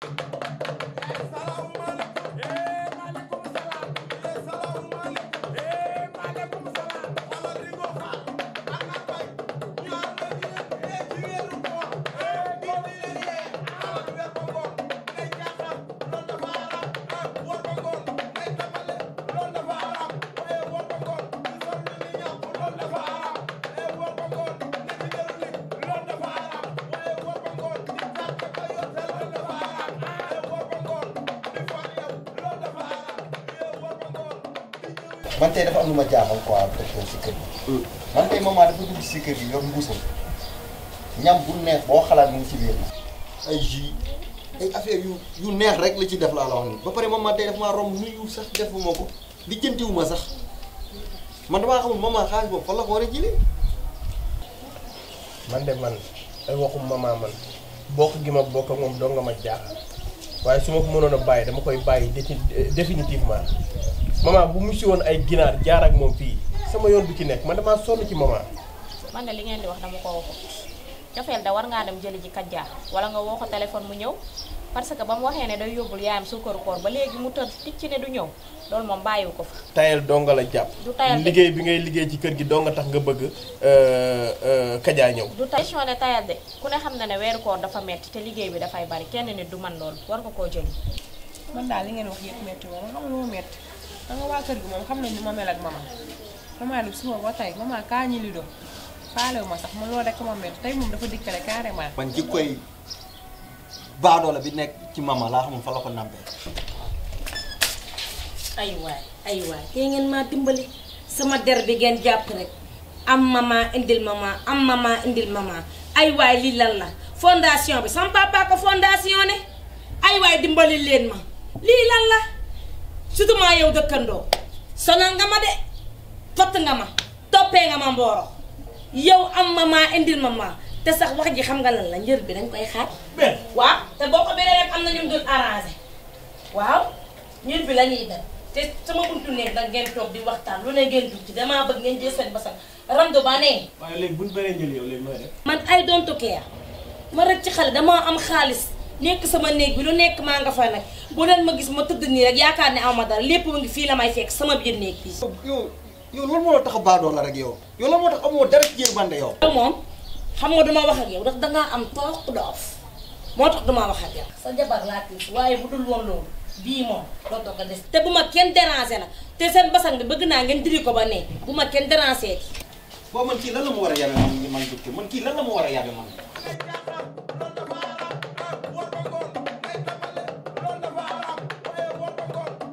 Thank you man tey dafa am lu ma jaaxal quoi docteur si kër gi. Mm. man tey maman dafa dugg si kër gi yor mbuusam ñam bu neex boo xalaat mu ngi ci biir ay jus affaire yu yu neex rek la ci def laa la wax ba pare maman tey dafa maa romb nuyu sax defuma ko lijjantiwu ma sax man damaa xamul maman xaalis boobu fan la ko war a man de man ay waxum maman man bokk gi ma bokk ak moom doo nga ma jaaxal waaye su ma ko mënoon bàyyi dama koy bàyyi définitivement. mama bu mu ci won ay ginar jaar ak mom fi sama yoon bu ci nek man dama sonu ci mama man de li ngeen di wax dama ko waxut jafeel da war nga dem jeli ji kadja wala nga woo telephone mu ñew parce que bam waxé né ne day yóbbul yaayam ko ko ba légui mu tëdd tic ci né du ñew lool mom bayiw ko fa. do nga la japp du bi ngay liggéey ci kër gi nga tax nga bëgg euh, euh, kadja ñew du tay question tayel de ku ne xam na né wër ko dafa metti té liggéey bi fay bari kenn nit du man lool war nga ko jëli. man da li ngeen wax yépp metti wala xam nga metti xam nga waa kër gi moom xam nañ ni ma mel ak mama mama lu suba ba ma ma mel dafa dikkale carrément. man bi nekk ci mama laa xamul fa la dimbali sama der bi ngeen jàpp rek indil mama ay waay lii lan la fondation bi sama papa ko fondation ne ay waay dimbali leen ma lii lan la. surtout ma yow ya dëkkandoo sonal nga ma de fat nga ma topé nga ma mboro yow am ma maa indil ma maa te sax wax ji xam nga lan la ñeur bi dañ koy xaar benn waaw te boo ko rek am na ñu dul arrangé waaw ñeur bi lañuy ñuy dem te sama buntu neex da ngeen tok di waxtaan lu ne ngeen dugg ci dama bëgg ngeen jël seen basal ramdo ba nee. ba lay buñu ñu baree yow lay ma def. man ay donto care ma rek ci xale dama am xaaliss nek sama néeg bi lu nek ma nga fa nak bu len ma gis ma tudd ni rek yaakaar ne awma dara lepp mu ngi fi la may fekk sama biir néeg bi yo yo loolu mo tax ba do la rek yo yo loolu mo tax amoo dara ci yërmande yow yow moom xam nga dama wax ak yow da nga am tooq doof mo tax dama wax ak yow sa jabar la ti waye bu dul woon loolu bii moom do ko def te bu ma kenn déranger nag te sen basan bi bëgg na ngeen diri ko ba ne bu ma kenn déranger bo man ki lan la mo wara yabe man ki lan la mo wara yabe man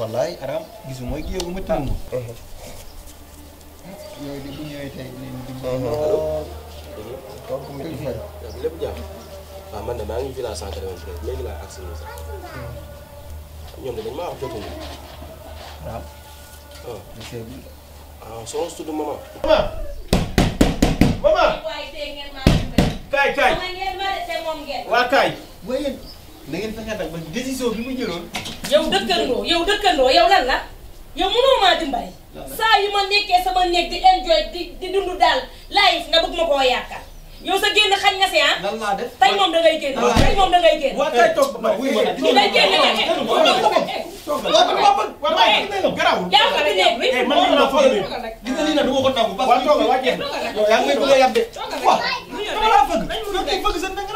wallaay araam gisu mooy géewu ma tàngu yooyu di bu ñëwee tey dinañ dimbali donc mu ngi fay lépp jàpp waaw man de maa ngi village 193 léegi laa agsi nii sax ñoom de dañ maa wax jotuñu waaw waaw soo tudd maman maman maman kaay kaay waa kaay waaye yéen na ngeen fexe nag ba décision bi mu jëloon yow dëkkandoo yow dëkkandoo yow lan la yow mënoo maa dimbali. saa yi ma nekkee sama néeg di enjoy di di dund daal life nga bëgg ma koo yàqal. yow sa génn xañ na si ah. lan laa def tey moom da ngay génn. lan laa def tey moom da ngay génn. waaw kay toog ba pare. ñu lay génn eh, nga xeex. toog ba pare waaw kay garaawul. di nekk bi ma foog na. yow yaa ngi may a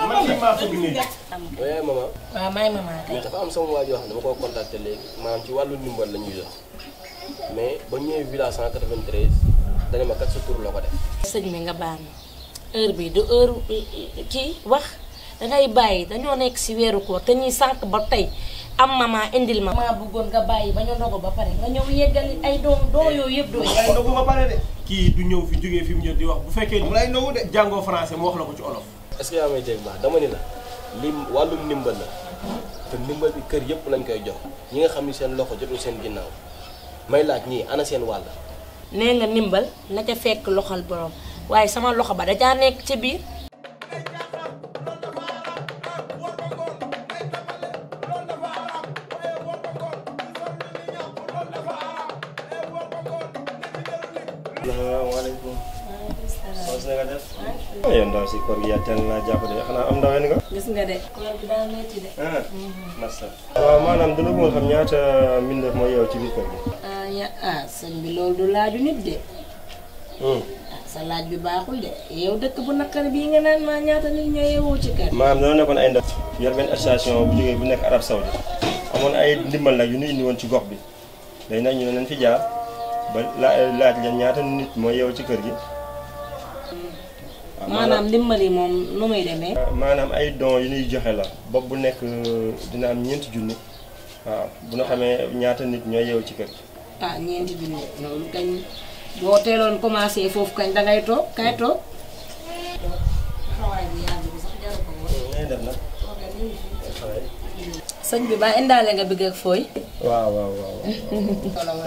man lii maa fëgg nii. waaw yaay maman. waaw maay maman tey. mais dafa am sama waa joo xam ne dama koo contacter léegi maanaam ci wàllu ndimbal la ñuy jox mais ba ñëwee village 193 dana ma kat sa tur la ko def. sëñ bi nga baal ma heure bi du heure kii wax dangay bàyyi dañoo nekk si weeru koor te ñuy sànq ba tey am maman indil ma. maa bëggoon nga bàyyi ba ñu ndogu ba pare nga ñëw yeggali ay doom doo yooyu yëpp doo yeggali. ndogu ba pare de. kii du ñëw fi jógee fi mu ñëw di wax bu fekkee. mu lay ndogu de jàngoo français mu wax la ko ci olof. est-ce que yaa may dégg baax dama ni la li wàllum ndimbal la te ndimbal bi kër yépp lañ koy jox ñi nga xam ni seen loxo jotul seen ginnaaw may laaj ñii ana seen wàll. nee nga ndimbal na ca fekk loxol borom waaye sama loxo ba da nekk ca biir. salaamaaleykum. naka def. ah yow ndaw si koor gi yaa teel naa jàpp de xanaa am ndaween nga. gis nga de koor gi daal métti de. ah mhm. massa. waaw ah, maanaam xam ñaata mbindeef mooy yow ci biir gi. ah, ah, hmm. ah dëkk bu naqari bii nga naan maa ñaata nit ñoo yeewoo ci kër. maanaam dana nekkoon ay ndaw yor association bu jógee bu nekk Arab Saoudi amoon ay ndimbal nag yu ñu indi woon ci gox bi léegi nag ñu ne nañ fi jaar ba laaj leen ñaata nit mooy yeewu ci kër gi. maanaam ndimbali moom nu muy demee. Ah, maanaam ay dons yu ñuy joxe la bopp bu nekk euh, dina am ñeenti junni waaw ah, bu ñu xamee ñaata nit ñooy yeewu ci kër ah, ñeenti junni loolu kañ boo teeloon commencé foofu kañ da ngay toog kay hmm. toog. sëñ bi ba indaale nga bëgg ak fooy. waaw waaw waaw.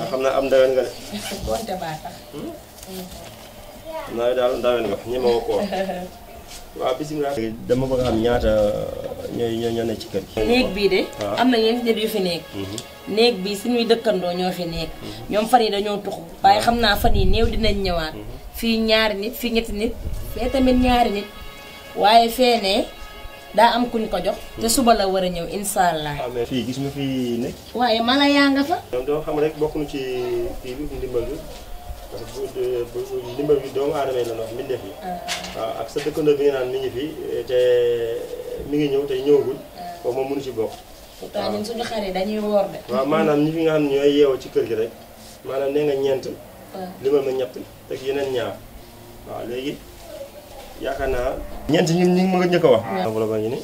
xam naa am ndawen nga de. nooy daal ndaween nga ñemewu ko waaw bisimilah. dama bëgg xam ñaata ñooy ñoo ne ci kër gi. néeg bii de. Ah. am na ñeenti nit yu fi nekk. Mhm. néeg bii suñuy dëkkandoo ñoo fi nekk. Mhm. ñoom far yi dañoo tuxu ah. waaye xam naa fan yi néew dinañ ñëwaat. Mhm. fii ñaari nit fii ñetti nit. fee tamit ñaari nit. waaye fee ne daa am kuñ ko jox. te suba la war a ñëw incha ah, fii gis ma fii nekk. waaye mala yaa nga fa. ñoom doo xam rek bokk ci kii bi ndimbal bi. parce que bu bu limba bi doomu aadama yi la noonu mbindeef yi. Ah. waaw ak sa dëkkandoo bi nga naan mi ngi fi te mi ngi ñëw te ñëwagul. foofu ah. moom mënu ci maanaam ñi fi nga xam ne ñooy yeewoo ci kër gi rek maanaam nee nga ñeent. Ah. limal ma ñett ak yeneen ñaar waaw léegi yaakaar naa. ñeent ñu ma njëkk a wax. enveloppe ngi ni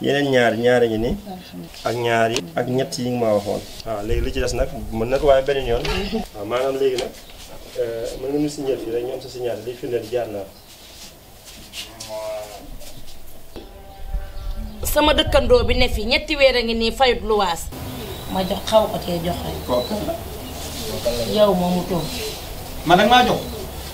yeneen ñaar ñaari ngi ni ak ñaar yi. ak ñett yi nga ma waxoon. waaw léegi li ci des nag mën na ko waaye beneen yoon. waaw maanaam léegi nag. Euh, mën nga ñu signal fii rek sama dëkkandoo bi ne fi ñetti weer a ngi nii fayut luwaas ma jox xaw ko cee jox rek yow moomu toog man nag maa jox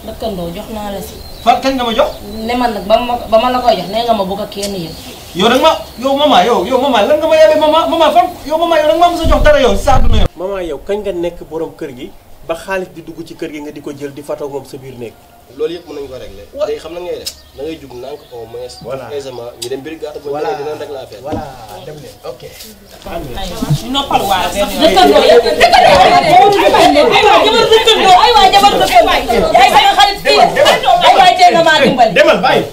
dëkkandoo jox naa si fan kañ nga ma jox ne man nag ba ma ba ma la koy jox nee nga ma bu ko kenn yëg yow nag ma yow mama yow yow mama lan nga ma yebee mama mama fan yow mama yow nag ma mos a jox dara yow si sa àdduna yow mama yow kañ nga nekk borom kër gi ba xaalis di dugg ci kër gi nga di ko jël di fato moom sa biir néeg loolu yëpp mën nañu ko régler léegi xam na ngay def da ngay jug nànk au moins voilà aisément ñu dem brigade bu ñëwee dinañ régler affaire voilà dem leen demal bàyyi